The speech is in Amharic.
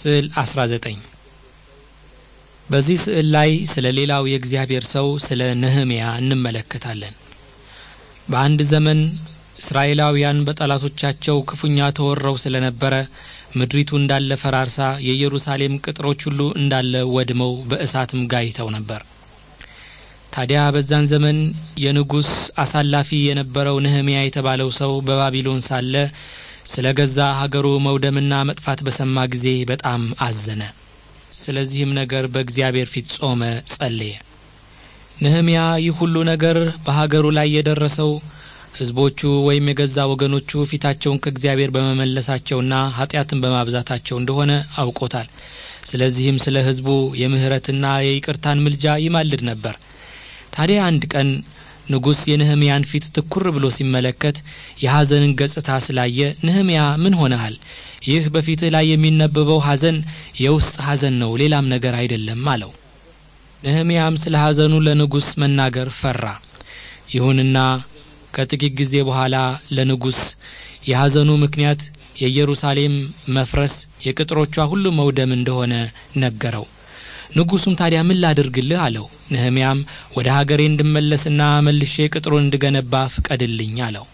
ስዕል 19 በዚህ ስዕል ላይ ስለ ሌላው የእግዚአብሔር ሰው ስለ ነህምያ እንመለከታለን። በአንድ ዘመን እስራኤላውያን በጠላቶቻቸው ክፉኛ ተወረው ስለነበረ ምድሪቱ እንዳለ ፈራርሳ የኢየሩሳሌም ቅጥሮች ሁሉ እንዳለ ወድመው በእሳትም ጋይተው ነበር። ታዲያ በዛን ዘመን የንጉሥ አሳላፊ የነበረው ነህምያ የተባለው ሰው በባቢሎን ሳለ ስለ ገዛ ሀገሩ መውደምና መጥፋት በሰማ ጊዜ በጣም አዘነ። ስለዚህም ነገር በእግዚአብሔር ፊት ጾመ፣ ጸለየ። ነህምያ ይህ ሁሉ ነገር በሀገሩ ላይ የደረሰው ሕዝቦቹ ወይም የገዛ ወገኖቹ ፊታቸውን ከእግዚአብሔር በመመለሳቸውና ኀጢአትን በማብዛታቸው እንደሆነ አውቆታል። ስለዚህም ስለ ሕዝቡ የምህረትና የይቅርታን ምልጃ ይማልድ ነበር። ታዲያ አንድ ቀን ንጉሥ የነህምያን ፊት ትኩር ብሎ ሲመለከት የሐዘንን ገጽታ ስላየ ነህምያ ምን ሆነሃል? ይህ በፊትህ ላይ የሚነበበው ሐዘን የውስጥ ሐዘን ነው፣ ሌላም ነገር አይደለም አለው። ነህምያም ስለ ሐዘኑ ለንጉሥ መናገር ፈራ። ይሁንና ከጥቂት ጊዜ በኋላ ለንጉሥ የሐዘኑ ምክንያት የኢየሩሳሌም መፍረስ፣ የቅጥሮቿ ሁሉ መውደም እንደሆነ ነገረው። ንጉሱም ታዲያ ምን ላድርግልህ አለው። ነህምያም ወደ ሀገሬ እንድመለስና መልሼ ቅጥሩን እንድገነባ ፍቀድልኝ አለው።